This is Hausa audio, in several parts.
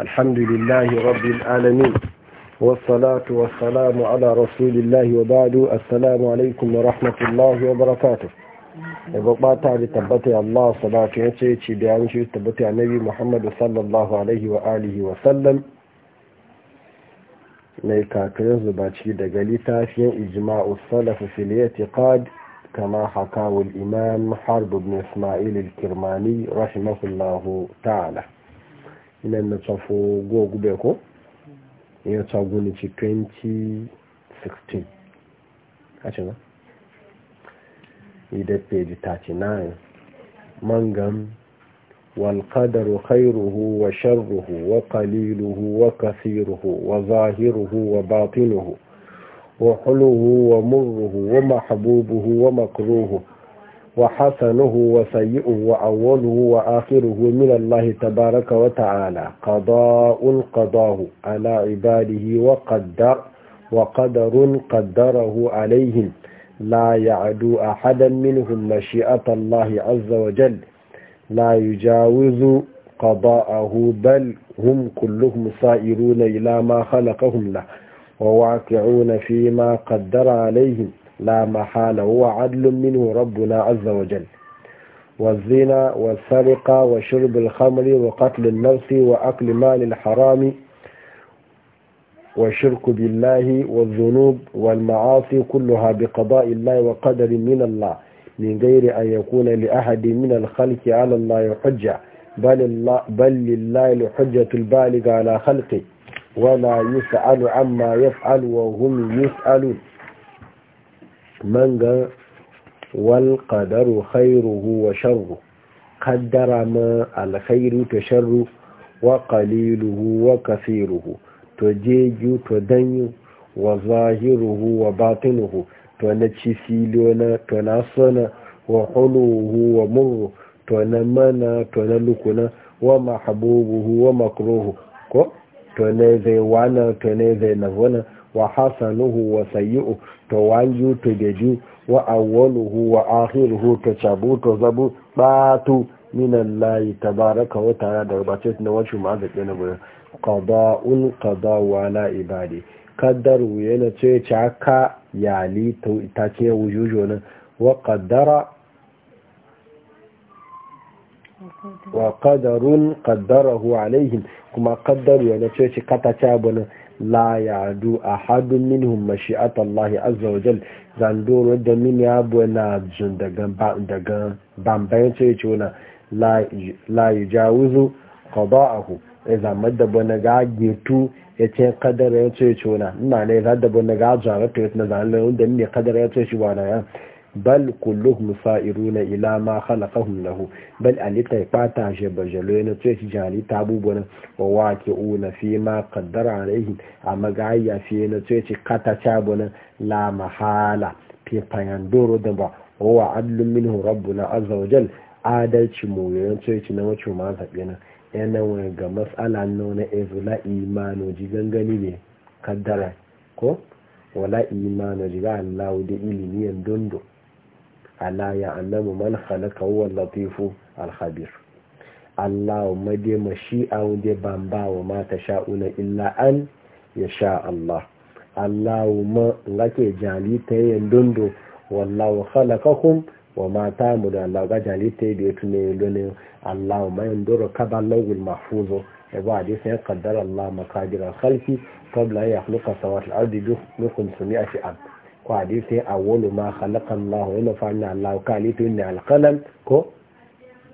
الحمد لله رب العالمين والصلاة والسلام على رسول الله وبعد السلام عليكم ورحمة الله وبركاته يبقى تعالى تبتي الله صلاة يتشي بيان شيء تبتي النبي محمد صلى الله عليه وآله وسلم mai kakarin باتشي daga littafin إجماع salafu في الاعتقاد كما hakawa الإمام حرب بن إسماعيل الكرماني رحمه الله تعالى ina na tsafo gogu bai ko ya tsago ci 2016 a ce na page 39 mangan والقدر خيره وشره وقليله وكثيره وظاهره وباطنه وحلوه ومره ومحبوبه ومكروهه وحسنه وسيئه وأوله وآخره من الله تبارك وتعالى قضاء قضاه على عباده وقدر وقدر قدره عليهم لا يعدو أحدا منهم مشيئة الله عز وجل لا يجاوز قضاءه بل هم كلهم سائرون إلى ما خلقهم له وواقعون فيما قدر عليهم لا محالة هو عدل منه ربنا عز وجل والزنا والسرقة وشرب الخمر وقتل النفس وأكل مال الحرام والشرك بالله والذنوب والمعاصي كلها بقضاء الله وقدر من الله من غير أن يكون لأحد من الخلق على الله حجة بل, الله بل لله الحجة البالغة على خلقه ولا يسأل عما يفعل وهم يسألون man ga wal qadaru khairuhu wa sharru qaddara ma al khairu to sharru wa qaliluhu wa kathiruhu to jeju to danyu wa zahiruhu wa batinuhu to na ci filona to na sona wa huluhu wa murru to na mana to na lukuna wa mahabubuhu wa makruhu ko to ne zai wana to ne zai wana wa hasanuhu wa sayyi'u to wanju to deju wa awwaluhu wa akhiruhu to chabu to zabu batu minan layi tabaraka wa ta'ala da rubace na wacce ma da tsena bu qada'ul qada wa la ibadi kaddaru yana ce chaka yali to ita ce wujujo nan wa qaddara wa qadarun qaddarahu alaihim kuma qaddaru yana ce kata ta abu nan la yadu ahadun minhum mashi'at Allah azza wa jal zandoro da min ya buena jun daga daga bambayin ce ce wona la yujawizu qada'ahu idan madda bana ga gitu yace kadara ya ce ce wona ina ne za da bana ga jara to yana zan da ne ya ce shi wona bal kulluhum sa'iruna ila ma khalaqahum lahu bal alita fata jabajalo ne to shi jali tabu ne wa una fi ma qaddara alaihi amma ga ya fi ne to shi kata chabu ne la mahala fi doro da ba wa adlu minhu rabbuna azza wa jal adalci mu to shi na wace ma zabe na. yana wani ga mas'ala na ezula imanu ji gangani ne kaddara ko wala imanu ji ga Allah da ilimi yan dondo ala ya annabu man khalaqa huwa al-latifu al-khabir Allahumma dai mashi'a dai bamba wa ma tasha'una illa an yasha Allah Allahumma ngake jali ta yin wallahu khalaqakum wa ma ta'mudu Allah ga jali ta bi tune lone Allahumma yanduru kabalawul mahfuzo ya ba dai sai qaddara Allah maqadir al-khalqi qabla ya khluqa sawat al-ardi bi 500 am ko hadisi awwalu ma khalaqa Allah wa fa'alna Allah ka alitu inna alqalam ko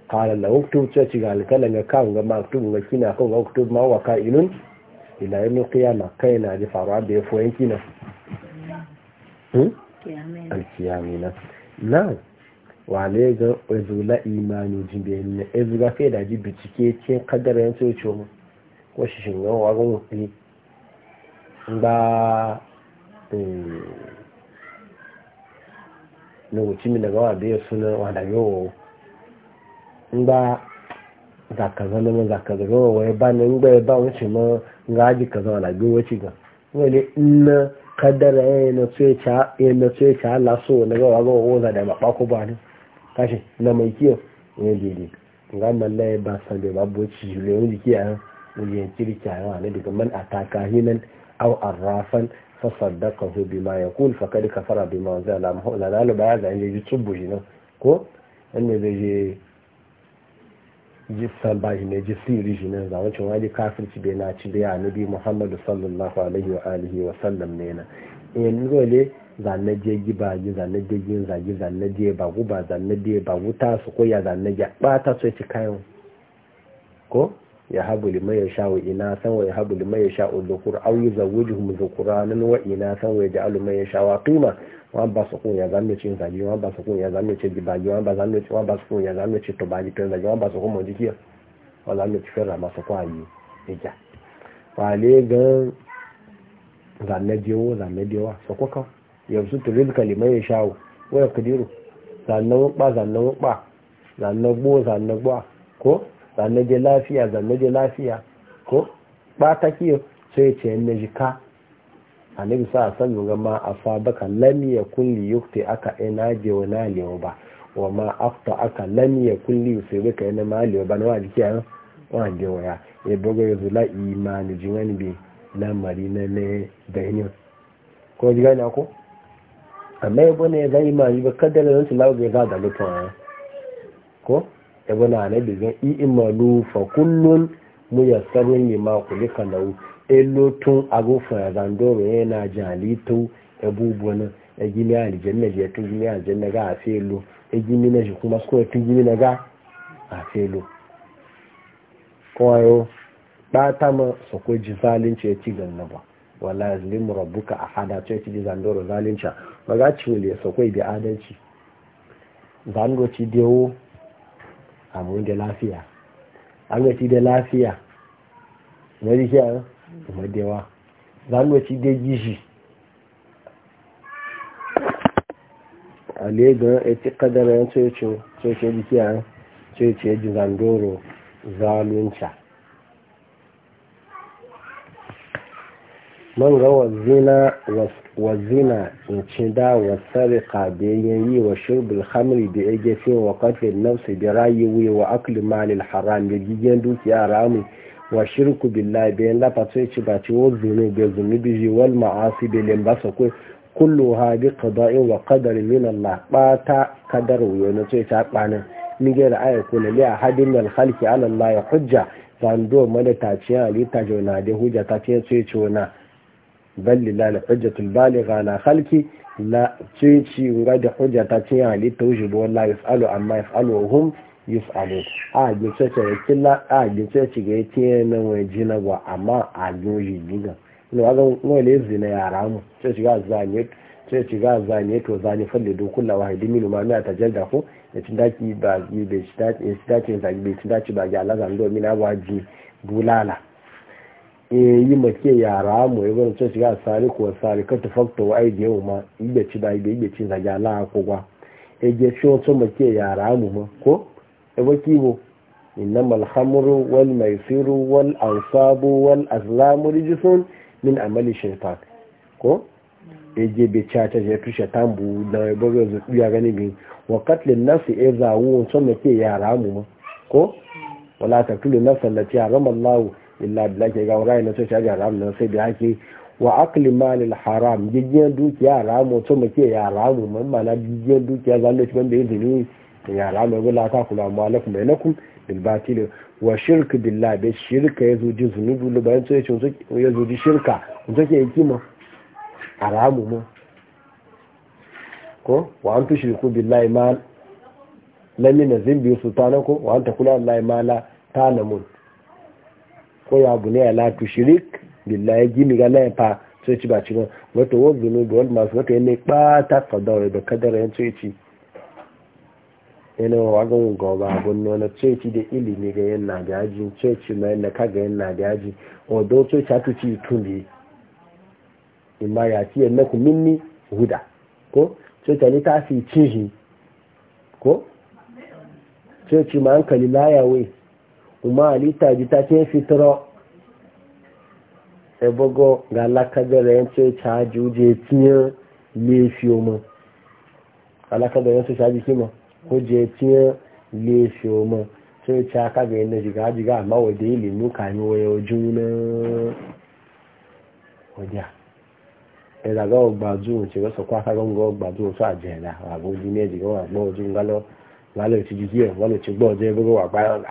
qala la uktub ta ci alqalam ga kan ga maktubu ga kina ko ga uktu ma wa kainun ila yawm qiyamah kai na ji faruwa da yafo hmm? yanki na hmm na wa le ga uzula imanu jibin ne ezura fe da ji bicike cin kadarin socho mu ko shi shin ga wa ga mu ba eh, na wuce mi daga wa biya suna wada yawo in ba zaka zama ma zaka zaga wa wai ba na ngba ba wuce ma nga ka kaza wada biya wuce ga wani in kaddara ya na tsoyeca ya na tsoyeca ala so na gawa waga woza da ba ko ba ne kashi na mai kiyo ne dede nga malla ya ba san da babu ci jule wani kiya wani yankiri daga man arrafan fasaddaqahu bima yaqul faqad kafara bima wanzu ala muhammad la la ba zan je tsubu shi nan ko inda zai je ji ba shi ne ji siri shi nan zaman cin waje kafirci bai na ci bai anabi Muhammadu sallallahu alaihi wa alihi wa sallam ne na in zole zanne je giba ji zanne je yin zagi zanne je ba guba zanne je ba wuta su koya zanne ya ta so ci kayan ko ya habu liman ya sha'u ina san wa ya habu liman ya sha'u dhukur aw yuzawwijuhum dhukuranan wa ina san wa yaj'alu man ya sha'u qima wa ba su kun ya zamu cin zaji wa ba su kun ya zamu cin dibaji wa ba zamu cin wa ba su kun ya zamu cin to baji to zaji wa ba su kun mu dikiya wa zamu cin fara masu kwayi ija wa le gan zanne diwo zanne diwa so koka yanzu to rizqa liman ya sha'u wa yaqdiru zanne ba zanne ba zanne gbo zanne gbo ko zanne je lafiya zanne je lafiya ko ba ta kiyo sai ce ne jika annabi sa san ga ma asabaka lam yakun li yukti aka ina je wala lewa ba wa ma afta aka lam yakun li yusibaka ina ma lewa ba na wa jikiya wa je waya e bogo yuzula imani jiwani bi na mari na ne da hinyo ko jiga na ko amma yabo ne zai imani ba kadar nan su lawo ga da lutan ko ya bana na bizin i'malu fa kullun muyassarun lima kulika lahu elo tun agofa ya zandoro yana jalito abubuwan ya gini aljanna je tun gini aljanna ga afelo ya gini na shi kuma suka tun gini na ga afelo kwayo bata ma sako ji zalunci ya ci ganna ba wala yazlimu rabbuka ahada ce ci zandoro zalunci maga ci ne sako bi adalci zango ci dewo abu da lafiya an gaci da lafiya na rikiya kuma dewa za mu ci da gishi a legon a ti kadara yan tsoce tsoce rikiya tsoce jizandoro zalunca man ga wazina in ci da wasarika da yi wa shirbul hamri da ya gefe wa kafin nafsu da rayuwa wa akli malil haram da gigen dukiya ramu wa shirku billahi da yan lafa sai ci ba ci wa zuni da zunubi ji wal ma'asi da lambasa ko kullu ha bi qada'in wa qadar min Allah ba ta kadar wuyo na sai ta bana ni ga ra'ayi ko la li ahadin al khalqi ala Allah hujja zando mana ta ci ali ta jona da hujja ta ce sai ci balli la na hujjatul baligha la khalqi la ce ci da hujja ta ce ali halitta wuce ba yasalu amma yasalu hum yasalu a ga ce ce killa a ga ce ga ce na waje na wa amma a goji diga ne wa ga ne le zina yara mu ce ci ga zanye ce ga zanye to falle do kullu min ma ko ya daki ba ji be ya daki ba Allah zan do a waji bulala Eh, yi mace yara mu yi gwani cewa shiga sari ko sari ka tafakta fakta wa aidiya mu ma ibe ci da ibe ibe ci da ga la ko gwa e eh, je shi wato mace yara mu ma ko e waki mu innamal khamru wal maisiru wal ansabu wal azlamu rijsun min amali shaytan ko e je be cha ta je tu shaytan bu da e bo zo ya gani bi wa qatlin nafsi e zawu wato mace yara mu ma ko wala taqtulu nafsan lati harama Allahu illa billahi ke ga wani na sai shi haram na sai da hake wa akli malil haram gigiyar dukiya haramu to muke ya haramu man mana gigiyar dukiya zan da shi ban da yin zini ya haramu ya la ta kula mu lakum mai lakum bil batil wa shirk billahi da shirka ya zuji zunubu lu bayan sai ya zuji shirka mun ke yi kima haramu ma ko wa an tushriku billahi ma lamina zimbi ko wa an kula billahi ma la ta'lamun ko ya abu ne ya latu shirik billahi gini ga laye fa sai ci ba ci nan wato wa zunu da wanda masu wato yana ba ta sadar da kadar yan ci yana wa ga mun ga ba gun wani sai ci da ilimi ga yan na gaji sai ci mai na kaga yan na gaji o do sai ta tu ci tumbi imma ya ci yan naku minni huda ko sai ta ni ta fi ci ko sai ci ma hankali laya wai kuma halitta ji ta ce fitro ebogo ga alakadar yan ce caji uje tiye lefi omo alakadar yan ce caji kima uje tiye lefi omo sai ce aka ga yana jiga jiga amma wadda yi limu kami waya ojuna wadda ìdàgọ́ ọgbàjú òṣèré sọ̀kọ́ akárọ́ngọ́ ọgbàjú òṣò àjẹ̀dà àbójú ní ẹ̀jìgọ́ àgbọ̀ ojú ńgálọ́ ìtìjú díẹ̀ wọ́n lè ti gbọ́ ọjọ́ ẹgbẹ́gbẹ́ wà páyọ̀dà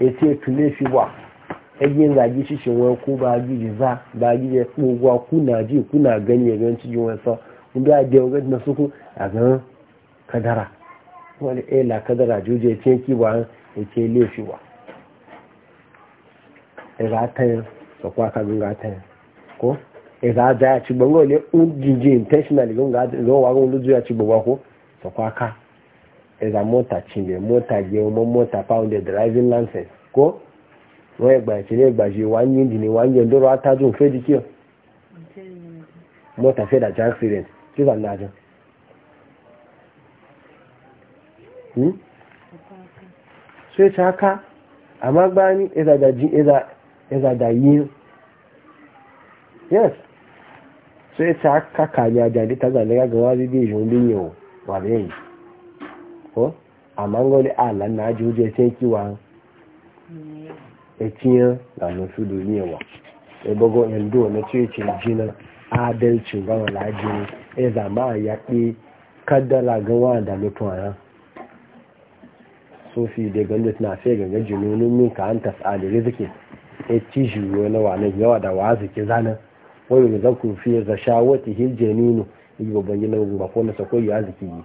eti etule fi a ẹgbẹ́ ìrìnàjí ṣíṣe wọn kó bá gíjì zá ndị gíjì ẹ̀kún ogun akúnà àjí ìkúnà àgẹ́ni ẹ̀gẹ́ tí ju wọn sọ níbi àjẹ ọgẹ́ aga kadara kadara wọ́n lè kadara àjò jẹ́ etí ẹ̀kí wa ẹ̀ka mọ́tà chinlẹ̀ mọ́tà jẹ́ ọmọ mọ́tà pounded driving license kó wọ́n ẹgbà ìṣẹ̀lẹ̀ ẹgbà ṣe wá ní ìdìní wá atájú fẹ́ di kí ọ mọ́tà fẹ́ dàjà accident tí wà náà jọ. ṣé ṣáká àmọ́ gbá ní yes ṣé ṣáká kàní ajá ní tàgbà nígbàgbọ́n wá rí ìṣòwò bí yẹn wà lẹ́yìn. ko amma ngoli ala na ji hujja sai kiwa etiyan da no su duniya wa e bogo en do na ce ce jina adalci ga wala ji e zama ya ki la ga wa da so fi da gandut na sai ga jinunin min ka an tasali rizki e ci juyo na wani yawa da waziki zana wani da zaku fiye ga shawati hiljeni ne yi babban gina ba ko na sako yi aziki yi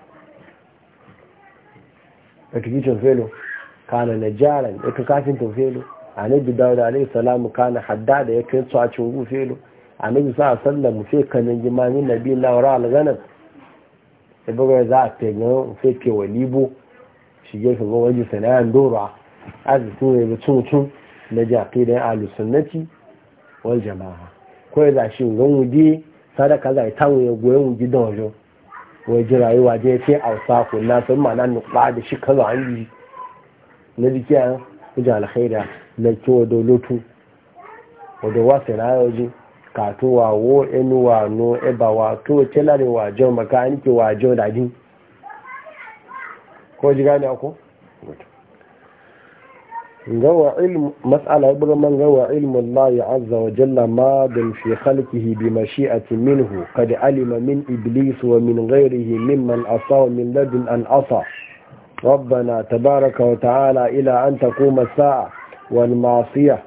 da tukicin felo kana na jaran da tukafin to felo a na bi dawo da salamu kana hadda da ya kai su a cungu felo a na bi sa sallan mu fe kanin jimamin nabi lawara alganan sai bugar za a tegan fe ke walibo shi gefe ga waje sana'an dora arziki ne da cin na jaƙi da alusunnati wal jama'a ko ya za shi gan wuje sadaka za ta wuye goyon wuje wajen wai ji rayuwa je ce a na sun mana nukba da shi kazo an yi na jiki a kujan alkhaira na ki wado lutu wado wasu rayu ji kato wa wo enu wa no eba wa to celare wa jo ki wa jo ji ko ji gane ako غوى علم مسألة يبغى من غوى علم الله عز وجل ماد في خلقه بمشيئة منه قد علم من إبليس ومن غيره ممن أصى من لدن أن أصى ربنا تبارك وتعالى إلى أن تقوم الساعة والمعصية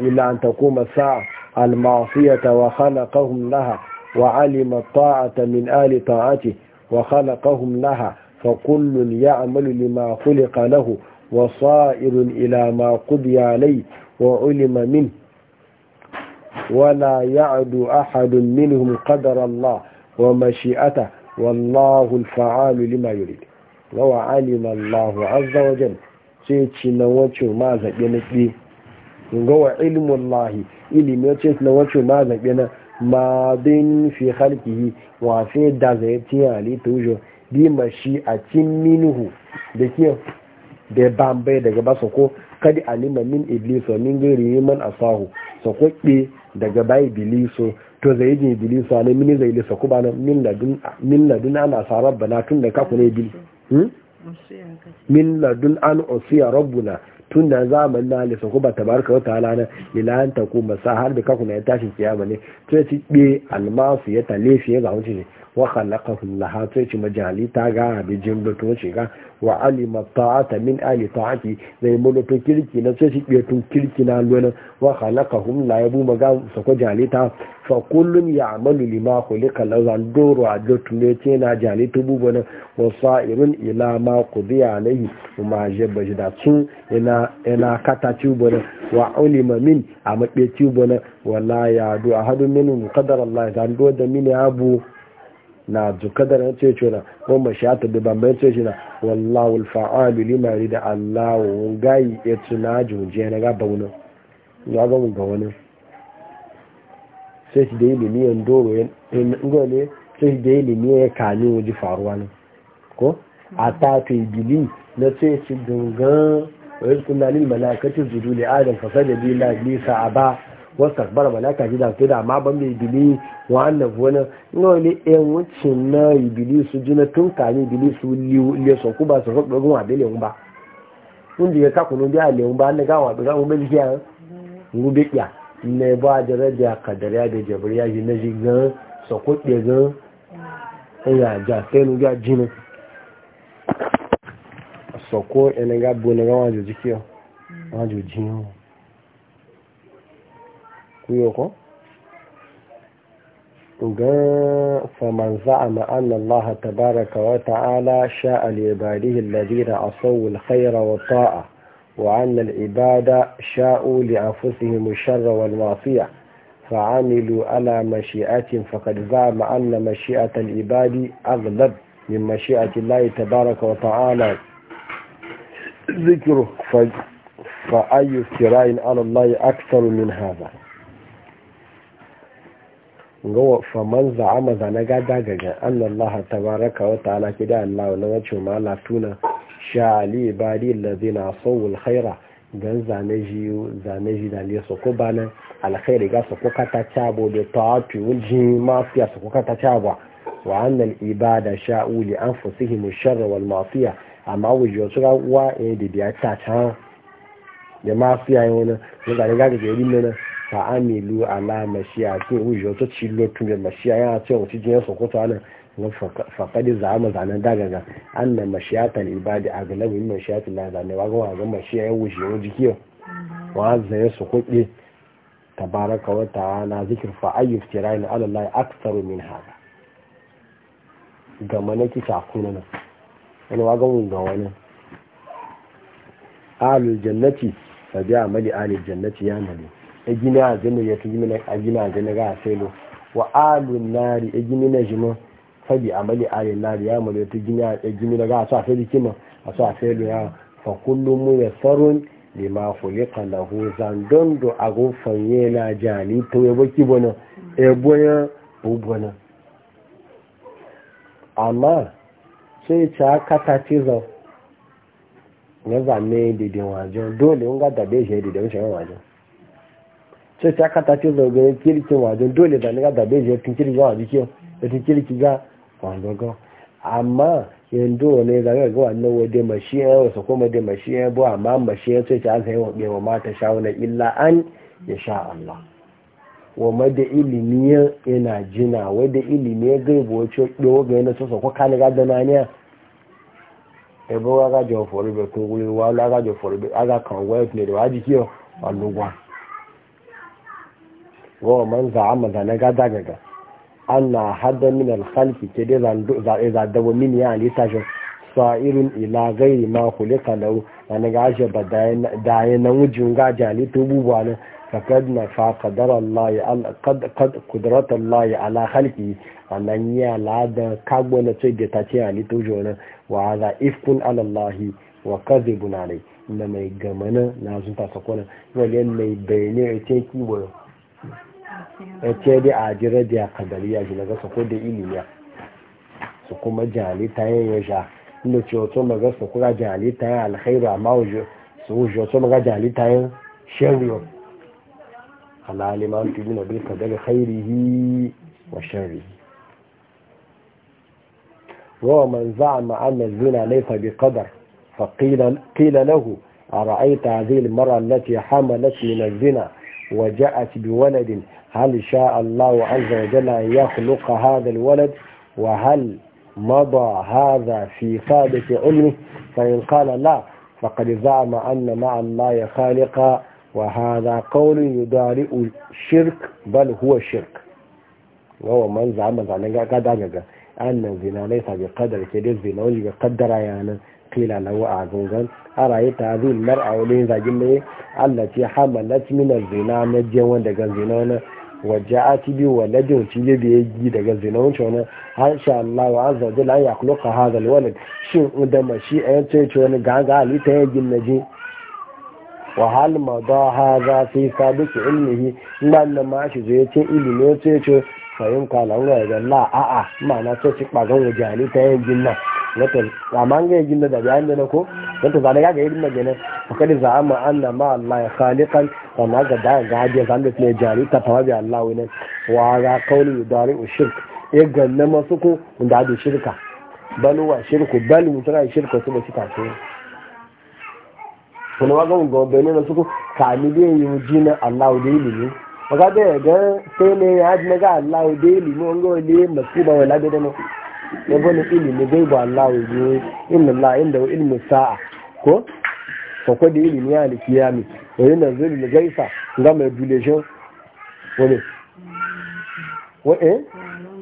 إلى أن تقوم الساعة المعصية وخلقهم لها وعلم الطاعة من آل طاعته وخلقهم لها فكل يعمل لما خلق له وصائر إلى ما قضي عليه وعلم منه ولا يعد أحد منهم قدر الله ومشيئته والله الفعال لما يريد لو علم الله عز وجل سيتشي نوتشي ما زبينتي هو علم الله إلي ميتشي نوتشي ما زبينا ما بين في خلقه وفي دازيتي علي توجو بمشيئة منه بكيه da ya bambai daga ba sako kadi alima min ibliso min gairi yiman asahu sako ɓe daga bayi biliso to zai yi biliso ne mini zai lisa kuma na min ladun ana sarar bana tun da kaku ne bil hmm? min ladun an osiya rabbuna tun da zaman na lisa tabar ka wata halana ilayen ta kuma sa har da kaku na ya tashi kiyama ne to ya ci ɓe almasu ya talefi ya zahunci ne wa khalaqahu Allah sai ci majali ta ga bi jimbu to ci ga wa alima ta'ata min ali ta'ati zai mulu to kirki na sai shi biyo kirki na lona wa khalaqahum la yabu maga jali jalita fa kullun ya'malu lima khuliqa la zanduru ajatu ne ce na to bubu na wa sa'irun ila ma qudiya alayhi kuma jabba da su ina ina kata ci bubu wa ulima min a mabbe ci bubu wala ya du ahadun minhum qadara Allah zanduru da min ya bu na zukadar na cece na kuma mashata da bambayin cece na wallahu alfa'alu limari da allahu gayi ya tuna junje na gaba wani ya ga ga wani sai shi da ilimi yan doro yan ne sai shi da ilimi ya kani waje faruwa ne ko a ta ta bili na sai shi gangan wa yanzu kuna lil malakati zudu li adam fasada bi la bisa aba wasu akbar malaka ji da su da ma ban mai bili wa wani nawa ne yan wucin na ibili su ji na tun kani ibili su liye su ku ba su rukun rukun wa bilin ba kun ji ya kakunu biya lewu ba na gawa da zamu bai jiya rube kya ne ba da raja kadariya da jabriya ji na ji gan su kuɗe gan ya ja sai nu ga jinin sọ̀kọ́ ẹnìyàn gbóná wọn jò jí kí ọ wọn jò fuyo ko ga faman Allah tabaraka wa ta'ala sha'a li ibadihi alladhina asawu alkhayra wa ta'a wa anna alibada sha'u li anfusihim sharra wal ma'siyah fa'amilu ala mashi'atin faqad za'ama anna mashi'at alibadi aghlab min mashi'ati Allah tabaraka wa ta'ala zikru fa ayu sirain ala Allah aktsaru min hadha ga faman za'ama na gada gaga annallaha tabaraka wa ta'ala kida Allah na wace ma ala tuna sha'ali ibadi na sawul khaira gan zane ji zane ji da leso ko bana alkhairi ga su kuka ta tabo da ta'atu ji ma fiya su kuka ta wa annal ibada sha'u li anfusihim sharra wal ma'siya amma wujo su ga wa e da biya ta ta da ma fiya yana ga ga ga fa'amilu ala mashiya ke wujo to ci lotun da mashiya ya ce wuce jin sokoto ana faƙaɗi zama zanen dagaga an na mashiyatar ibadi a galabin mashiyatar na zane wa gawa ga mashiya ya wuce yau jiki yau wa zai su kuɗi tabaraka wata na zikir ayu kira ni alallah aksaru min haka ga manaki kuna nan wani wa gamun ga wani alul jannati sabi amali alul jannati ya mali e gina a ya fi gina a jini ga a selo wa alun nari e gini na jima fabi amali alin nari ya mali ta gina ya gini ga a sa fili kima a sa selo ya fa kullum mu ya sarun zan kulika lahu zandondo agun fanye na jani to ya baki bana e ya bonya bubana amma sai ta kata cizon ya zame didin wajen dole in ga dabe shi didin shi wajen sai ta kata ce zaugayen kirkin wajen dole da ni gada bai je tun kirki ga wajen kiyo da tun kirki ga wajen ga amma yanzu wani zaga ga wannan wajen mashiyan wasu kuma da mashiyan bu amma mashi mashiyan sai ta aka yi wa ɓewa mata shawunan illa an ya sha Allah wa mada ilimi yana jina wada ilimi ya gaibu wacce ɗewa ga yana sosa ko kani gada na niya ebe wa ga jawo foro bai kun guri wa ga jawo foro bai aga kan wa ya fi ne da wa jiki wa lugwa wa man za'ama da na gada gaga na hada min al ke dai zan za min ya alita shi irin ila gairi ma ka lau wani gashi ba da ya na wujin gaji halittu bubuwa nan fakad na fa kudurat Allah ya ala halki nan yi ala da kagbo na tsoye da ta ce halittu wa za ifkun alallahi wa kazi bunare na mai gamanin na sun tasa yau mai bayanai a cikin kiwo ya ce dai a jira da kadariya shi daga sako da ilimiya su kuma jihali ta yin ya sha inda ce wato maga su kura jihali ta yin alkhairu amma su wuce wato maga jihali ta yin shirriyo alaliman tuni na bil kadari khairihi wa shirrihi ومن زعم أن الزنا ليس بقدر فقيل قيل له أرأيت هذه المرأة التي حملت من zina. وجاءت بولد هل شاء الله عز وجل أن يخلق هذا الولد وهل مضى هذا في ثابت علمه فإن قال لا فقد زعم أن مع الله خالقا وهذا قول يضارئ الشرك بل هو شرك وهو من زعم زعم قد أن الزنا ليس بقدر كده الزنا وجب قدر يعني kila lahu a gungan a rayu ta zai lar a wani zagin mai allah hamalat zina na jiyan wanda ga zina wani waje a ci biyu wanda jin ci da biyu gi daga zina wancan wani har sha allah wa azza wa ka hazal walad shin da mashi a yan ce wani ganga halitta ya gina ji wa hal ma da haza fi sabiki ilmihi nan ma shi zai ce ilimi ya ce ce fahimta laura da la a'a mana ce ci ɓagan waje halitta ya gina natal amma ga gina da bayan da na ko dan to zalika ga yin magana fakad za'ama anna ma Allah khaliqan wa ma ga da ga za a da ne jari ta tawabi Allah wani wa ga kauli dari shirk ya e ganna masu ko da da shirka bal shirku shirku bal mutara shirka su ba su ta ce kuma wa ga go benin su ko kamili yin jina Allah da ilimi wa ga da ga sai ne ya ji ga Allah da ilimi on go ne masu ba wani da no ya bani ilimi zai ba Allah wa zuwa inna Allah inda wa ilmi sa'a ko fa da ilimi ya alkiyami wa yana zuri da gaisa ga mai dulejo wani wani eh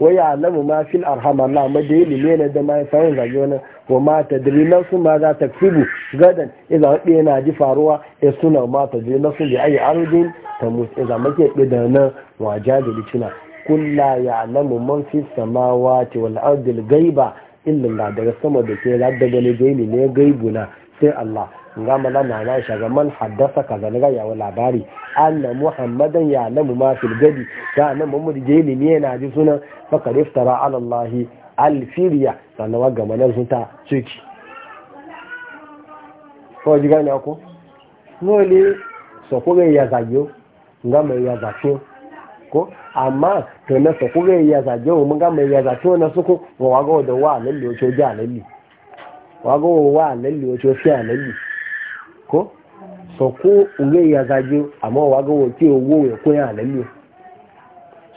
wa ya alamu ma fil arham Allah ma da ilimi ne da ya sanin zage wani wa ma na nafsu ma za ta fibu gadan idan wadi yana ji faruwa ya suna ma tadri nafsu da ayi arudin ta musu idan ɗi da nan wa jajiri cina kulla ya alamu man fi samawati wal ardil gaiba illa daga sama da ke da gani gaibi ne gaibuna sai Allah nga mala na na shaga man haddasa kaza na yawon labari anna muhammadan ya lamu ma fil gadi ta nan muhammad jeli ne na ji suna faka riftara ala allah alfiriya sanawa ga manar sun ta ciki ko ji ko nole so ko ya zagyo nga ya zafi ko amma to na su kuga ya zage mu ga mai ya zato na suku wa ga da wa lalle wato ja lalle wa ga wa lalle wato sai lalle ko so ko unge ya zage amma wa ga wato wo ya ko ya lalle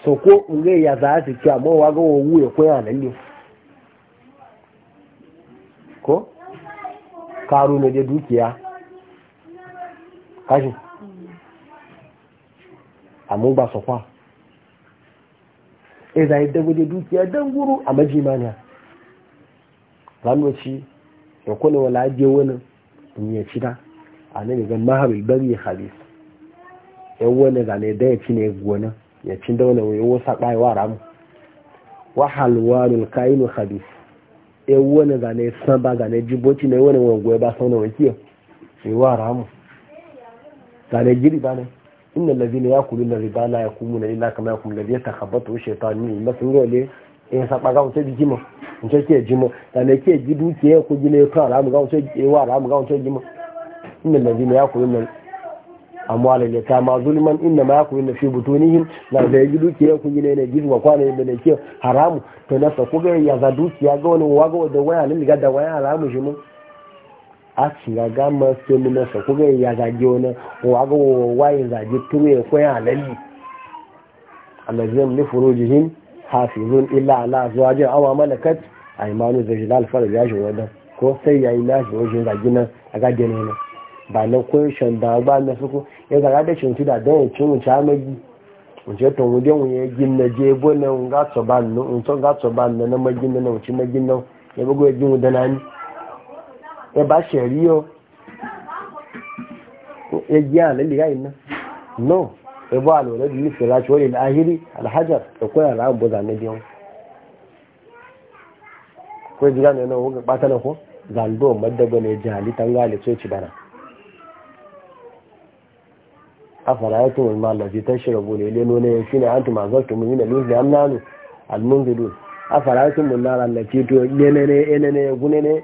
so ko unge ya zaje ki amma wa ga wo ya ko ya lalle ko karu ne da dukiya kashi amma ba su kwa e zai dago da dukiya don guru a majimaniya ranwaci da kuna wala ajiye wani in ya cida a nan ga mahabul bari ya habis yan wani zane da ya ci ne gona ya cin da wani wayo wasa kaiwa ramu wa halwanul kainu habis yan wani zane san ba zane jiboci na wani wani goyi ba sauna wakiyar sai wa ramu zane giri ba ne ya ladina na riba la yakumuna illa kama yakumul ladhi yatakhabbathu shaytanu min masun gole in sa baga wuce jimo in ce ke jimo da ne ke ji dukiye ko gine ka ramu ga wuce ke wa ramu ga wuce jimo ya ladina na amwala ne ta ma zulman inna ma yakuluna fi butunihim la da ji dukiye ko gine ne gizo kwana da ne ke haramu to na sa ku ga ya za dukiya ga wani waga da waya ne ga da waya haramu shi mun a cira gama femina na kuga ya zage wani waga waye zage tuwe koyan halalli alazim li furujihim hafizun illa ala azwajin awa malakat aymanu da jilal faraj ya shi wadan ko sai yayi nashi wajen zage nan a gaje ne na ba na kun shanda ba na suku ya zaga da shin tuda dan ya cin wuce amagi wuce to wuje mu ya ginna je bonan ga tsoban nu unto ga na magin nan wuce magin ya bugo ya gin wudanani ẹba rí ọ ẹgbẹ́ àlẹ́lẹ́ yáyìí náà ẹbọ́ àlọ́rẹ́ bí nífẹ̀ẹ́ láti wọ́n ilẹ̀ ahírí alhaja ẹ̀kọ́ yàrá àbọ̀dà nẹ́bí náà wọ́n kọ́ àlẹ́ afara ya tuwar malaji ta shirar gole ilé nuna ya shi ne an tuma mu yi afara ya tuwar malaji ta shirar gole ilé nuna ya gune ne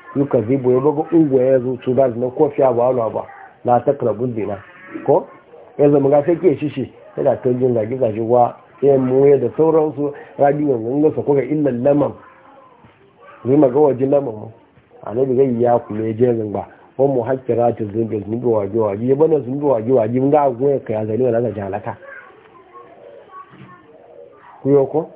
yuka zibo ya baga unguwa ya zuci ba zina ko fiya ba wala ba na ta karabun dina ko ya zama ga sai ke shishi da ta jin zagi zagi wa ya muye da sauransu radiyon ganga su kuka illan laman zai maga waje laman mu annabi zai ya kuma ya jerin ba wa mu hakkira ta zumbi zumbi waje waje ya bana zumbi waje waje mun ga goye ka ya zani wala ga jalaka ku ko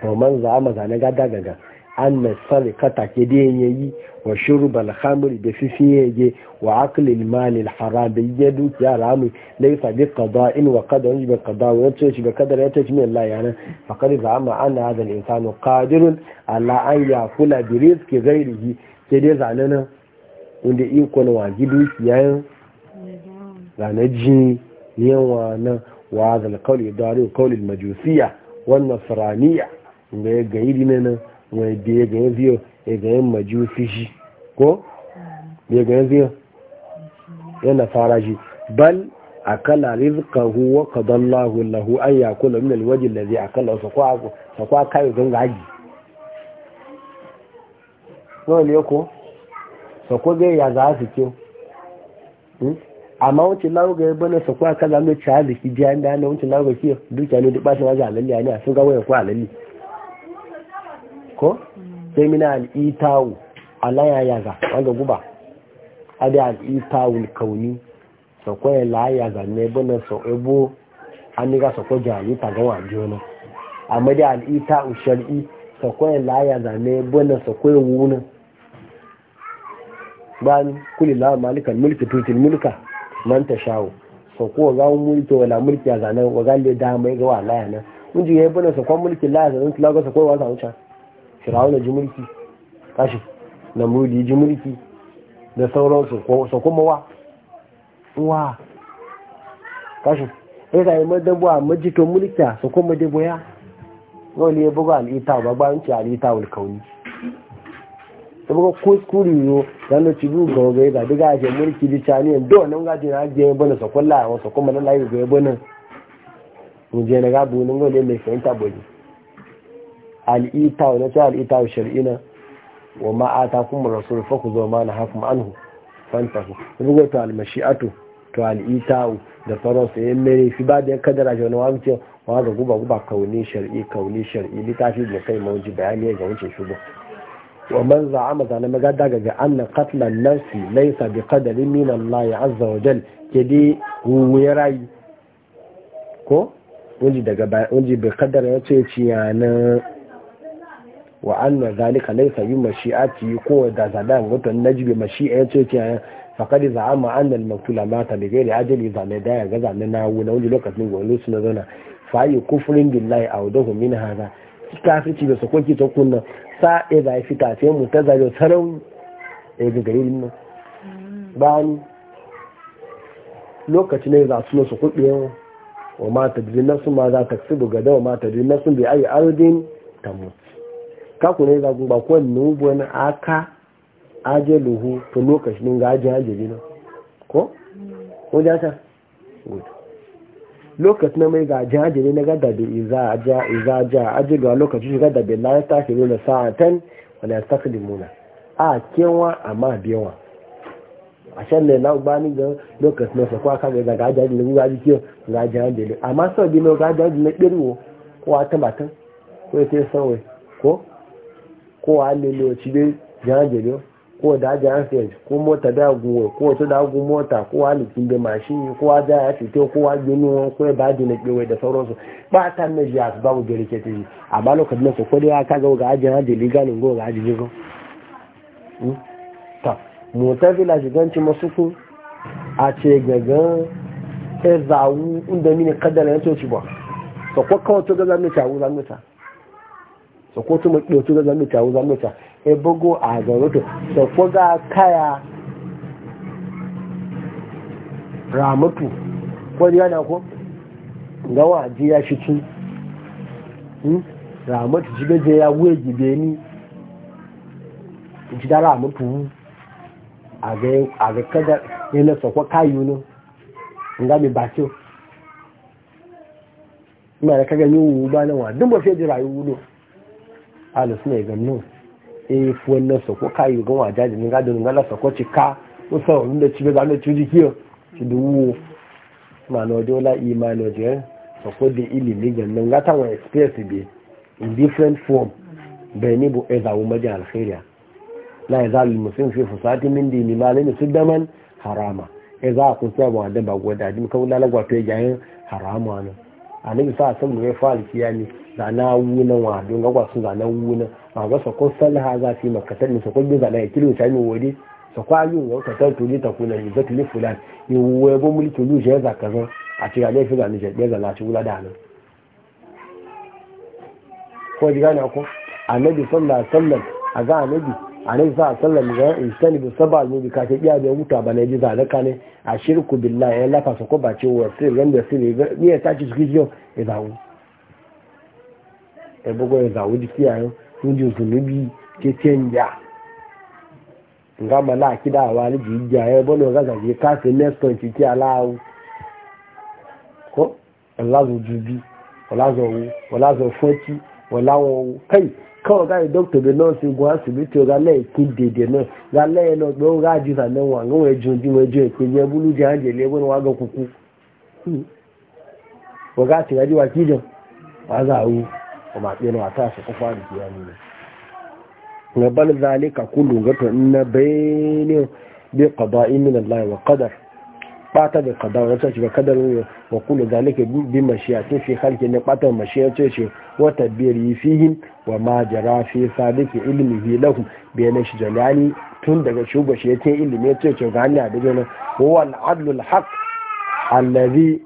to man za ma zane gada gaga anna salikata ke da yayi wa shurbal khamri da fifi yaje wa aklil mal al da yaje dukiya ramu laysa bi qada'in wa qadar bi qada wa yace shi bi qadar yace shi min Allah yana faqad zama anna hadha al insanu qadirun ala an yakula bi rizqi ghairihi sai dai zanana wanda iko na waji dukiya zanaji yawa na wa zal qawli dari qawli al nan wai biye ga yanzu yau, ya ga yin majusi shi ko biye ga yanzu yau. yana fara shi bal lahu an min kwa ne ko ko ya za su ya bane sa kwa kaza mai biya inda dukiya ne duk ba su alalli a ne a sun alalli ko sai mina al'itawu alaya yaza wanda guba adi al'itawu kauni sakwai laya za ne bane sau ebo an niga sakwai jami ta gawa jona amma da al'itawu shari'i sakwai laya za ne bane sakwai wuna bayan kuli lawa malikan mulki tutin mulka man ta shawo sakwai wa mulki wala mulki a zanen wa galle dama ya gawa laya nan mun ji ya yi bane sakwai mulki laya zanen tulaga sakwai wa zanen can firawuna ji mulki kashi namudi ji mulki da sauransu su kuma wa wa kashi ya rayu madabu a majikin mulki su kuma dabo ya wani ya buga al'ita ba al'ita ta buga kuskuri yo ranar ci biyu ga wagai ga diga mulki di dị do nan na ajiye ya bane sakwalla kuma na layi ga ya bane mu je na gabu gole mai fahimta al'ita wa nace al'ita wa shari'ina wa ma'ata kuma rasul fa ku zo ma na hakum anhu fantahu rubutu al-mashi'atu to al'ita da faros ya eh, mere fi ba da ya kadara shi wani wani cewa wa ga guba guba kauni shari'i kauni shari'i littafi da kai mawuji bayani ga wuce shugo wa man za'ama zana magada ga anna qatlan nafsi laisa bi qadarin min Allah azza wa jal ke dai wuya rayu ko wunji daga wunji bi kadara ya ce ciyanin wa anna zalika laysa bi mashi'ati ko da zadan wato najbi mashi'a yace ce ya faqad za'ama anna al-maktula mata bi ghairi ajali zane da ya ga zane na wuna wani lokacin gwamnati suna zauna fa yi kufrin billahi aw dahu min hada kafirci da sokoki ta kunna sa e da fi tafiye mu ta zaro sarau e ga gari nan bani lokacin ne za su su kuɗe wa ma tadri sun ma za ta tsibu gada wa ma tadri sun bi ayi ardin tamut kaku ne zagun ba kuwa nubu wani aka aje luhu to lokacin ga aje aje ne ko ko ja ta good lokaci na mai ga aje aje ne na gada da iza aja iza aja aje luwa shi shiga da bella ya tashi ne na sa'atan wala yastakdimuna a kewa ma biyawa a shan da na gbani ga lokaci na sakwa kaga ga ga aje luwa ga aje ga aje aje amma sau bi no ga aje na kirwo ko a tabatan ko ce sawai ko ko a lele be bai jan jere ko da jan se ko mota da guwa ko to da gun mota ko a tin da machine ko a da ya fito ko a gini won ko e ba ji na kewaye da su ba ta na ji asu babu gari ke ti amma lokacin nan ko da ka ga ga ajin ga liganin go ga ajin go hmm? ta mutazila shiganci masu ku a ce gagan ezawu inda mini ne ya toci ba so ko kawai to ga zamu ta wu zamu ta sokoto mu ɗauki ga zan ta zan ta e bugo a garoto soko ga kaya ramatu ko ya na ko gawa ji ya shi ci ramatu ji gaje ya wuye gibe ni ji da ramatu a ga a ga kada ne na soko kayu no nga mi bacho ina da kaga ni wu ba na wa dun ba fe ji rayu no alu suna ga nun e fuwan nan sako ka yi gan waja da ninga da ninga la sako ci wani da cibe zanu ci jiki ci duwu ma no dola imano ilimi ga nan ga tawa experience in different form bani bu eza wu maji alkhairiya la yazal fi fusati min dini malin sudaman harama eza ku sai ba da ba goda din kawula lagwa to yayin harama ne annabi sa sallallahu alaihi wa sallam ya fara zana wuna wa don ga kwasu zana wuna ma ga sako salaha za fi makatar ne sako bin zana ya kilo ta mi wuri sako ayu ya katar to ta kuna ni zata li fulan ni wo bo mulki lu je kaza a ci ga ne fi zani je be zana ci wula da nan ko ji gane ko annabi sallallahu alaihi wasallam a ga annabi annabi sallallahu alaihi wasallam ga istani bi saba ne ka iya da wuta ba ne ji ne a shirku billahi ya lafa sako ba ce wa sirran da sirri ne ta ci idan ebogo ya zawo jiki yayin wujin zunubi ke canja nga mala kida wa ni jiya ya bono ga ga ka se next point ki alawo ko Allah jubi wala zo wala zo foti wo kai kawai ga doctor be no se gwa asibiti ga le ki dede no ga le no gbe o ga ji sa wa ngo we jun bi bulu kuku wa ومعطينا وعطاش bal zalika kullu gato na غتو bi qada'i min Allah wa qadar bata da kadar wata ce ba kadar ne wa kullu zalika bi mashiyatin fi khalqi ne bata mashiyatin ce wa tabiri fihi wa ma jara fi sadiki ilmihi lahu bi ne shi jalani tun daga shugo shi yake ilimi ce ce ga Allah da jana huwa al-adlu al-haq alladhi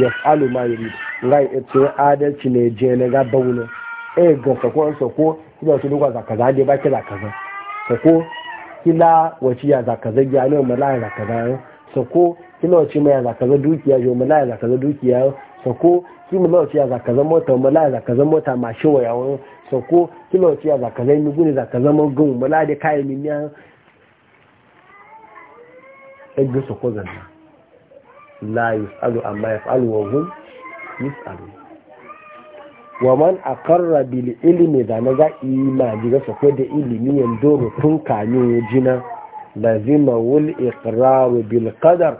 yaf'alu ma yurid ngai ce e adalci ne je na ga bauna e ga sako sako kuma su duka zaka za ba ki zaka za sako kila wace ya zaka za ya ne mala ya zaka za sako kila wace mai zaka za dukiya jo mala ya zaka za dukiya eh. sako kila wace ya zaka za mota mala ya zaka za mota mashi waya wani eh. sako kila wace ya zaka za mi gune eh. zaka za magun mala da kayan min ya ege sako zanna la yusalu amma yafalu wa hum yis'alu wa man aqarra bil ilmi da na ga imani ga sako da ilimi yando rutun kanyo jina lazima wul iqrar bil qadar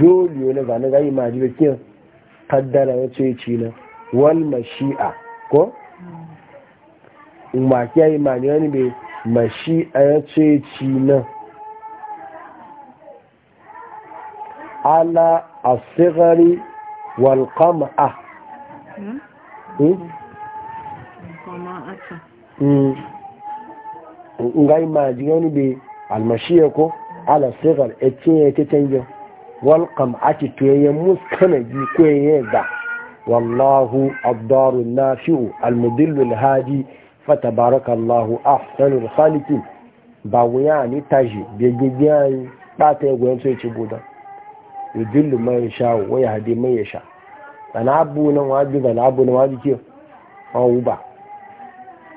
dole ne ga na ga imani ba kin kaddara ya ce ci na wal mashi'a ko ma kiya imani ne bai mashi'a ya ce ci na ala الصغر والقمعة hmm? hmm? hmm. ngai ma jigani bi almashiya ko ala sigar etin ya ta tanjo wal qam'ati tuyayya muskana ji ko yega wallahu ad nafi'u al-mudillu al-hadi fatabarakallahu ahsanul khaliqin ba wuya ni taji bi gigiyan ba ta gwen so ci budan yudillu man sha wa yahdi man yasha ana abu nan waji da abu nan waji ke awu ba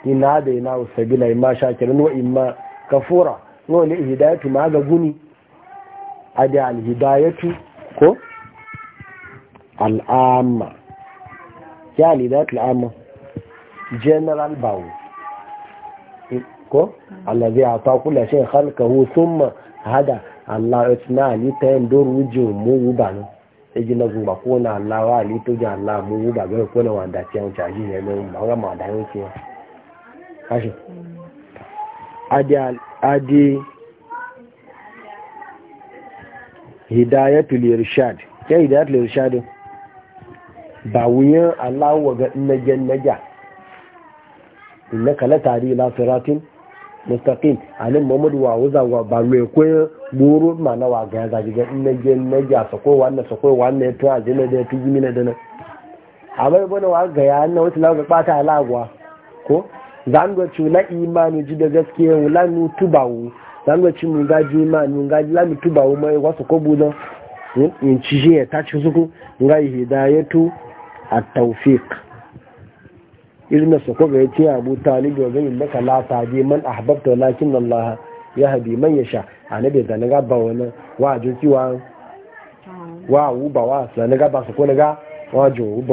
ina da ina usabila imma shakirin wa imma kafura no ne hidayatu ma ga guni ada al hidayatu ko al amma ya al hidayatu al amma general bawo ko allazi ata kullu shay'in khalqahu thumma hada Allah na alita yin don rujin mugu ba nan sai ko na Allah wa alita jin Allah mugu ba bai kone wa da ciyan caji na mai ba ga ma da yin ciyan kashi adi hidayatul irshad ke hidayatul irshad ba wuyan Allah wa ga nnaje naja innaka la tari la siratin mustaqim alim mamud wa wuza wa ba mai koyar buru ma na wa ga za ga in ga sa ko wanda sa ko wanda ya to a jina da ya fi gimina da na amma yabo na wa ga ya na wata lawa ga bata alagwa ko zango ci la imanu ji da gaskiya wala nu tubawu zango ci mu ga ji imanu ga la nu tubawu mai wasu ko na hmm? in ci je ta ci su ku ga hidayatu at-tawfiq irin da sako ga ya ce abu talib wa zai maka la ta je man ahbabta walakin Allah ya habi man ya sha a na bai zane wani wa a jinsi wa wa wuba wa su na gaba su ko na ga wajen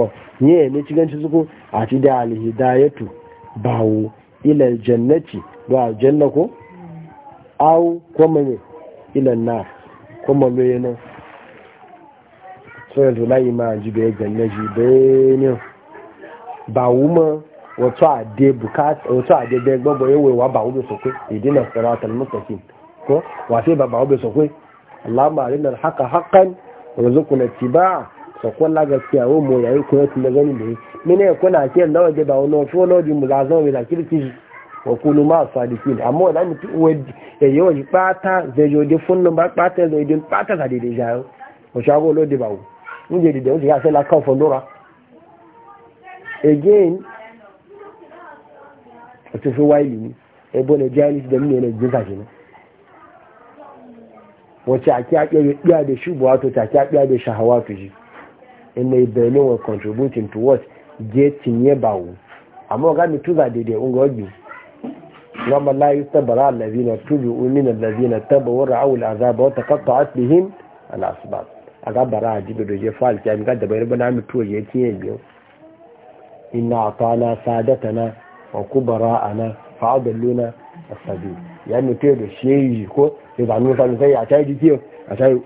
ni ya ne ciganci suku a ti da alhidayatu bawo bawu jannati ba aljanna ko au awu ne ilal na kuma mai nan sai da layi ma ji bai ganna ji bai ne ba wato ade bukata wato ade da gbogbo yawo wa ba ube sokwe idina siratal mustaqim ko wase ba ba ube sokwe Allahumma arina al-haqa haqqan warzuqna ittiba'a sokwe la gaskiya wo mo yayi ko yato da ne mene ko na ke lawa je ba wono fo loji mu la zo da kirki wa kulu ma sadiqin amma da mu we yayo e ji pata ze yo de funnu ba pata ze de pata sa de de jayo o shago again wato fi waili ne ya bo na jani da mini yana jinsa shi ne wacce a ya biya da shi bu wato ta kya biya da shahawa to shi in mai benin wa contributing to what getting ya bawo amma ga mi tuza daidai unga wajen لما لا يتبرع الذين تبعوا من الذين تبعوا رعوا العذاب وتقطعت بهم الأسباب أقبر عجيب رجي فالك يعني قد بيربنا متوجه تيجي إن أعطانا سادتنا wa kubara ana fa'adalluna asabi ya ni shi da sheyi ko da zanu sanu sai a tayi kiyo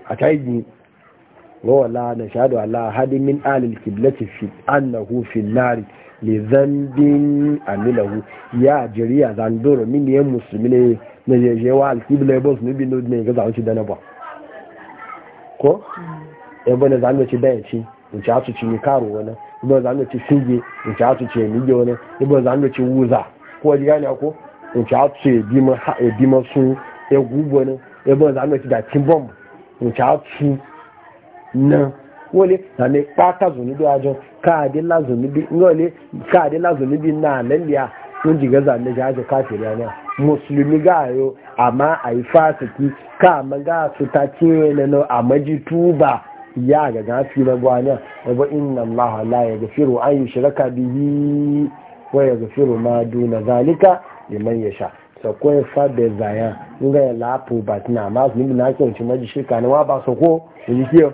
a tayi wa wala na shahadu ala hadi min alil kiblati fi annahu fi nari li dhanbin amilahu ya jariya zan doro min ya musulmi ne ne je wa al qibla bos ne bin ne ga zan ci dana ba ko e bane zan ci da ci nci asu ci karo wani ibo za mu ci singe nci asu ci mige wani ibo za ci wuza ko ji gani ko nci asu ci bima bima sun egu wani ibo za mu ci da tin bomb nci asu na wole na ne pata zuni bi ajo kaade la zuni bi ngole kaade la zuni bi na lalia mun jiga za ne jaje kafiri ana musulmi gayo amma ai fasiki ka ma ga su ta ce ne no amaji tuba ya ga gafi na gwana wa inna Allah la yaghfiru an yushraka bihi wa yaghfiru ma duna zalika liman yasha sako fa da zaya nga ya lapo but na ma ni na ke ci maji shirka ne wa ba sako ni ke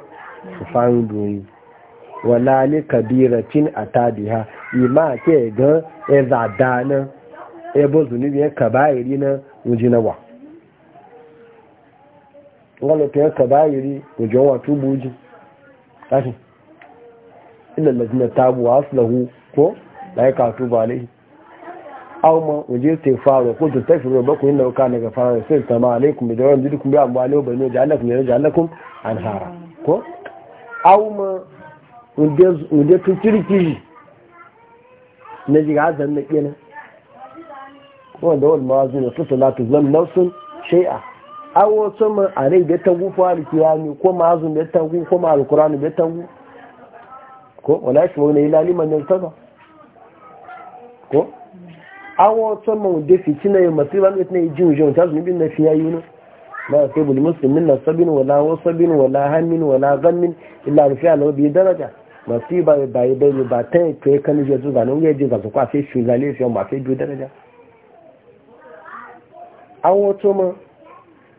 su fan doyi wala ni kabiratin atabiha ima ke ga e na e bo zunubi e kabairi na wujina wa ngalo te kabairi wujon wa tubuji kafi inda lalazina tabu wa aslahu ko da ya katu ba ne aw ma waje ta fara ko ta fi roba ku inda na ga fara sai ta ma alaikum bi dawam jidukum bi amma alaikum bi no jalakum ya jalakum anhara ko aw ma unde unde tu kirki na jiga zan na kenan ko da wal su salatu zan nafsun shai'a awo sama a rai bai tangu fa alkiyami ko mazun bai tangu ko ma alkurani bai tangu ko wala shi wani ila liman ya taba ko awo sama da fitina ya masu ba mai tunayi jin ta tasu nubin na fiya yi ne ma sai bul muslimin na sabin wala wasabin wala hamin wala ganmin illa rufiya na bi daraja masu ba ba yi bai ba ta yi kai kan je zuwa nan ya je ga zasu kwafe shi zale fiye ma sai bi daraja awo sama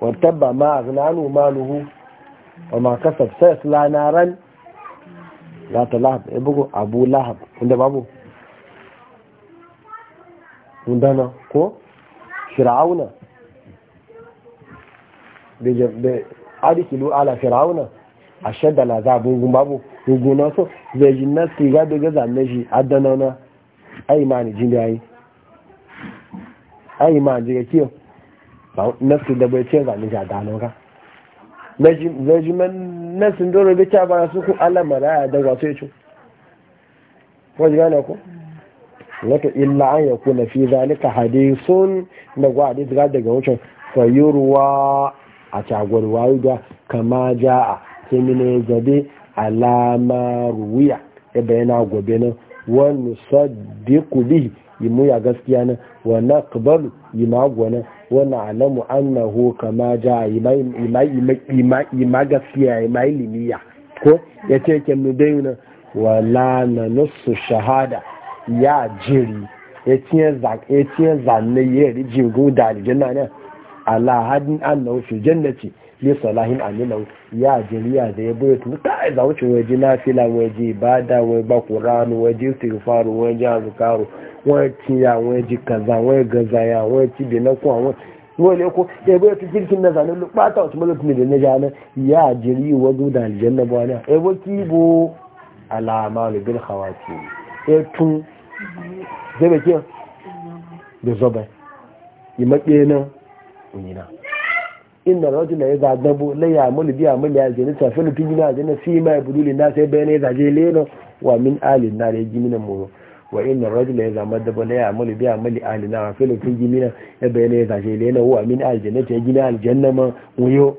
وارتبع ما أغنى عنه ماله وما كسب سيصلى نارا لا تلعب ابو أبو لهب عندما أبو عندنا كو فرعون adikilu ala firauna a shadda na za bugun babu ruguna so zai yi na siga daga zane shi adana na aimani jini yayi aimani kiyo nafsin da bai ce zane ja gano ka najiman nafsin doro bai ce ba su ku Allah ya da wasu ya ce ko ji gane ko wato illa an ya kuna fi zalika hadisun da gwa hadis ga daga wucin fayurwa a wayu da kama ja'a sai mine gabe alama ruwiya ya bayyana gobe nan wani sadiku bihi yi mu ya gaskiya nan wa naqbalu yi magwa nan wa alamu annahu kama jaa ima gaskiya ima ilimiya ko ya ce ke mu dai na wala na nusu shahada ya jiri ya tiye zanne ya yi jirgin da aljanna ne ala hadin annahu fi jannati bi salahin amina ya jiri ya da ya bude tun ta za na waje nafila waje ibada waje ba qur'an waje istighfar waje azkaru wọ́n ti àwọn ẹjì kàzà àwọn ẹgàzà yà àwọn ẹtì dènà àwọn wọ́n lè kó ẹgbẹ́ ti kiri kí nàzà ló pátá nẹ́jà náà ìyá àjẹrí ìwọ́ gbọ́dọ̀ àjẹ́ ẹgbẹ́ ibo kàwá ti ẹtún kí da zọba yi maɓe nan inda rajin da ya zaɗabo laya mulu biya mulu ya fi ma ya sai bayan ya zaje lena wa min na na wa inna rajula ya zama da bala ya amali bi amali ahli na fil fi gimina ya bayyana ya zaje lena wa min aljannati ya gina aljanna ma wuyo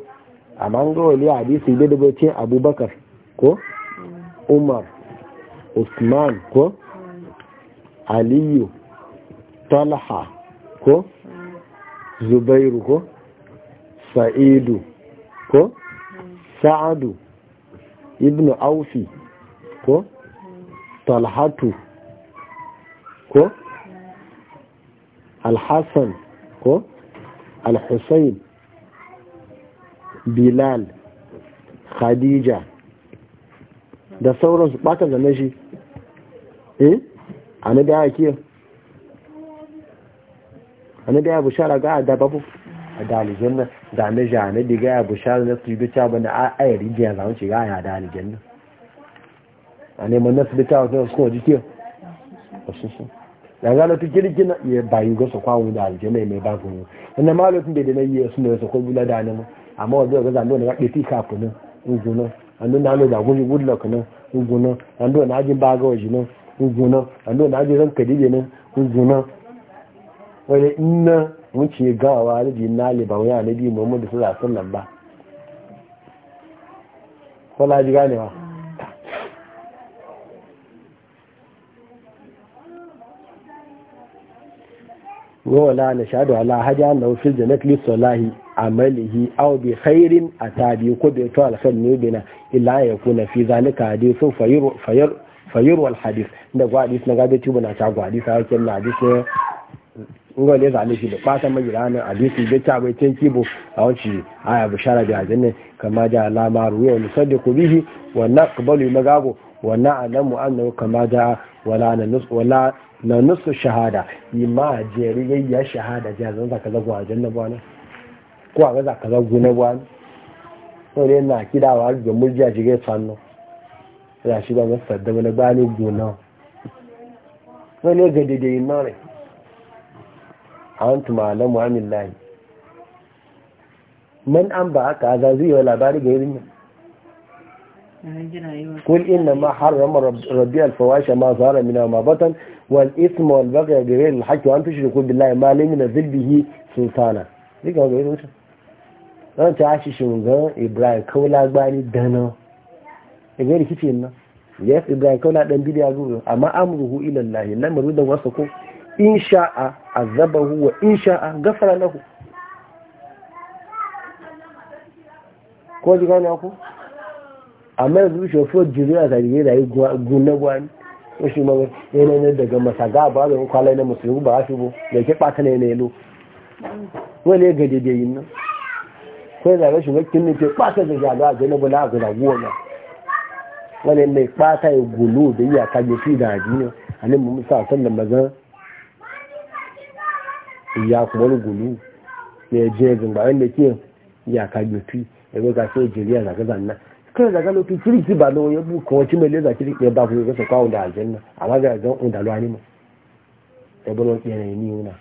amma ga wali hadisi da da ce abubakar ko umar usman ko aliyu talha ko zubairu ko sa'idu ko sa'adu ibnu aufi ko talhatu ko alhassan ko alhussain bilal khadija da sauransu ɓatan zane shi eh a na daya kiyar a na daya bushara ga adababu a daligen nan da na ja na diga ya bushara na su yi bita ba na ayar rijiyar zaun ce ga ya daligen nan a neman na su bita wasu kuma jikiyar wasu sun daga lotu girgina ya bayu ga su da aljana mai ba ku inda ma da dana yi su ne bula da nan amma wanda ga zan dole ga tika kunin unguna an na da guri gudla kunin unguna na ajin baga waje nan unguna an na ajin inna mun gawa da na le ba wala na shaɗu ala hajja na wasu janat lissalahi amalihi aw bi khairin atabi ko bi to alkhair ne bina illa ya kuna fi zalika hadithun fayir fayir fayir wal hadith da gwa hadith na gabe tubu na ta gwa hadith sai kin hadith ne ngo le zale shi da fata mai ranar hadith da ta bai tin kibo a wanci aya shara da janne kama da alama ruwa musaddiqu bihi wa naqbalu magago wa na'lamu annahu kama da wala na nus wala na nusu shahada yi ma jeri ya shahada jazan zaka zagwa a janna bwana ko a zaka zagwa na bwana sau ne na kidawa ga murjiya shiga sannu ya shi ba masu na wani bani gona ne ga daidai ne, a wani tumalan muhammin layi man an ba aka azazu yi wa labari ga irin قل إنما حرم ربي الفواشة ما ظهر منها ما بطن والإثم والبغي بغير الحق وأن تشركوا بالله ما لم ينزل به سلطانا ذيك ما قلت وشو أنت عاشي شنغا إبراهيم كولا باني دانا غير كتير إنا يس kauna كولا bidiya بيدي أقول أما أمره إلى الله da مرودا ko إن شاء عذبه وإن شاء غفر له كوجي ko ji gane amma yanzu shofar jiriya ga yi rayu guna gwani wasu ma yanayin daga masaga ba da kwalai na musulmi ba a bu da ke ɓata na yanayi lo wani ya gaje da yi nan ko yana rashin wakil ne ke ɓata da jaga a gani bula a gana gona wani mai ɓata ya gulo da yi a kage fi da hajjiyar a nan mummu sa san da maza ya kuma gulo ya je zumba wanda ke ya kage fi ya ga sai a zaga zanna kan zaga lo tu firi ba lo ye bu ko ti mele za kiri ba fu ko so ka aljanna ala ga ga unda lo ani mo e bo ni una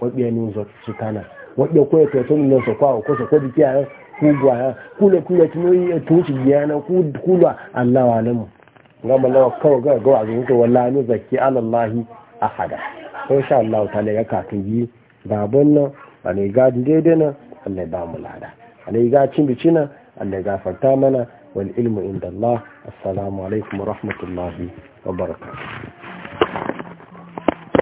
o pe ni unzo sukana o pe ko e to to ni lo so ko so ko bi ti ara ku gwa kule kule ti no ye to Na kula allah wa alamu ngam lawa kawo ga ga azun to wallahi ni zakki ala allah ahada insha allah ta'ala ga ka yi babon nan a ne ga daidai nan Allah ya ba mu lada a ne ga cin bici nan Allah ya gafarta mana والعلم عند الله السلام عليكم ورحمة الله وبركاته